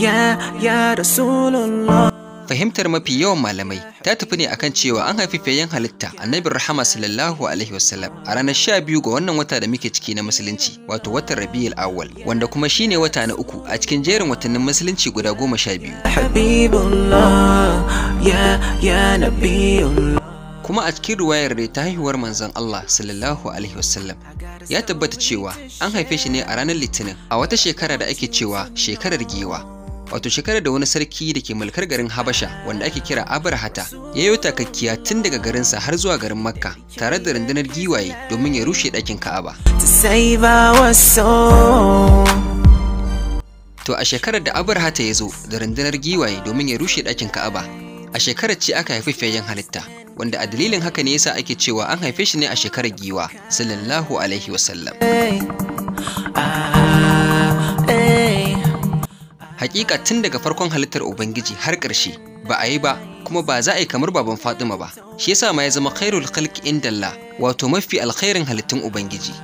Ya Fahimtar mafi yawan malamai ta tafi ne akan cewa an haifi fiyayyen halitta annabi rahama sallallahu alaihi wasallam a ranar sha biyu ga wannan wata da muke ciki na musulunci wato watan rabi'ul awwal wanda kuma shine wata na uku a cikin jerin watannin musulunci guda goma sha biyu. kuma a cikin ruwayar da ta haihuwar manzon Allah sallallahu alaihi wasallam ya tabbata cewa an haife shi ne a ranar litinin a wata shekara da ake cewa shekarar giwa wato shekarar da wani sarki da ke mulkar garin Habasha wanda ake kira Abrahata ya yi takakkiya tun daga garinsa har zuwa garin Makka tare da rundunar giwaye domin ya rushe ɗakin Ka'aba. To a shekarar da Abrahata ya zo da rundunar giwaye domin ya rushe ɗakin Ka'aba, a shekarar ce aka haifi fayyan halitta wanda a dalilin haka ne yasa ake cewa an haife shi ne a shekarar giwa sallallahu alaihi wasallam. Ah. Hakika tun daga farkon halittar Ubangiji har ƙarshe ba a yi ba kuma ba za a yi kamar baban Fatima ba. Shi yasa ma ya zama khairul khalq Indalla wato mafi alkhairin halittun Ubangiji.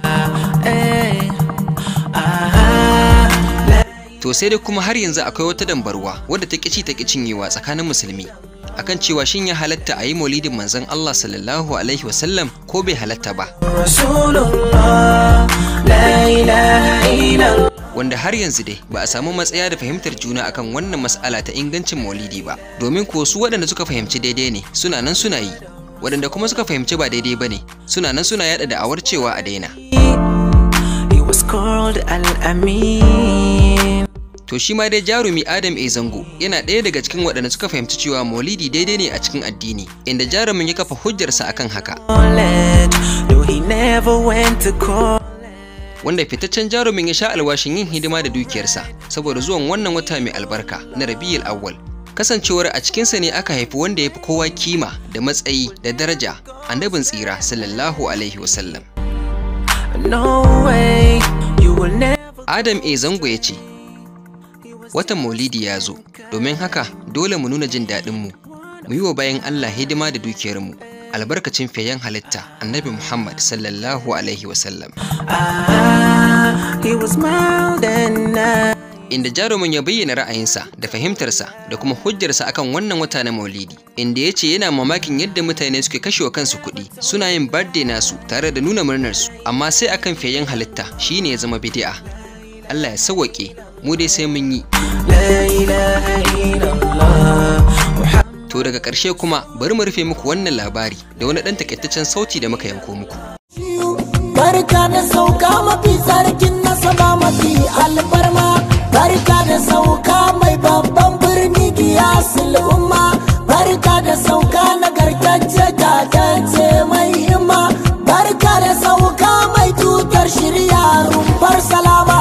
To sai dai kuma har yanzu akwai wata dambarwa wadda ta kici ta cinyewa tsakanin musulmi akan cewa shin ya halatta a yi maulidin manzon Allah sallallahu alaihi wasallam ko bai halatta ba. wanda har yanzu dai ba a samu matsaya da fahimtar juna akan wannan mas'ala ta ingancin maulidi ba domin ko su waɗanda suka fahimci daidai ne suna nan suna yi waɗanda kuma suka fahimci ba daidai ba ne suna nan suna yaɗa awar cewa a daina To shi ma dai jarumi Adam A. Zango yana ɗaya daga cikin waɗanda suka fahimci cewa maulidi daidai ne a cikin addini, inda jarumin ya kafa hujjarsa akan haka. wanda fitaccen jarumin ya sha alwashin yin hidima da dukiyarsa saboda zuwan wannan wata mai albarka na Rabiul Awwal. Kasancewar a cikinsa ne aka haifi wanda ya fi kowa kima da matsayi da daraja annabin tsira sallallahu alaihi wasallam. Adam e Zango ya ce, Watan Maulidi ya zo, domin haka dole mu nuna jin daɗinmu, mu yi wa bayan Allah hidima da dukiyarmu, albarkacin fiyayyen halitta annabi Muhammad sallallahu Alaihi wasallam. Ah, inda jarumin ya bayyana ra'ayinsa da fahimtarsa da kuma hujjarsa akan wannan wata na maulidi, inda ya ce yana mamakin yadda mutane suke kashe wa kansu kuɗi suna yin birthday nasu tare da nuna murnarsu, amma sai akan fiyayyen halitta shine ya zama bidi'a. Allah ya sawwaƙe, mu dai sai mun yi. ƙarshe kuma bari mu rufe muku wannan labari da wani ɗan takaitaccen sauti da muka yanko muku. Barka da sauka mafi sarkin nasaba mafi alfarma, barka da sauka mai babban birni giyasul umma, barka da sauka nagartacce jajance mai himma, barka da sauka mai tutar shirya rumfar salama.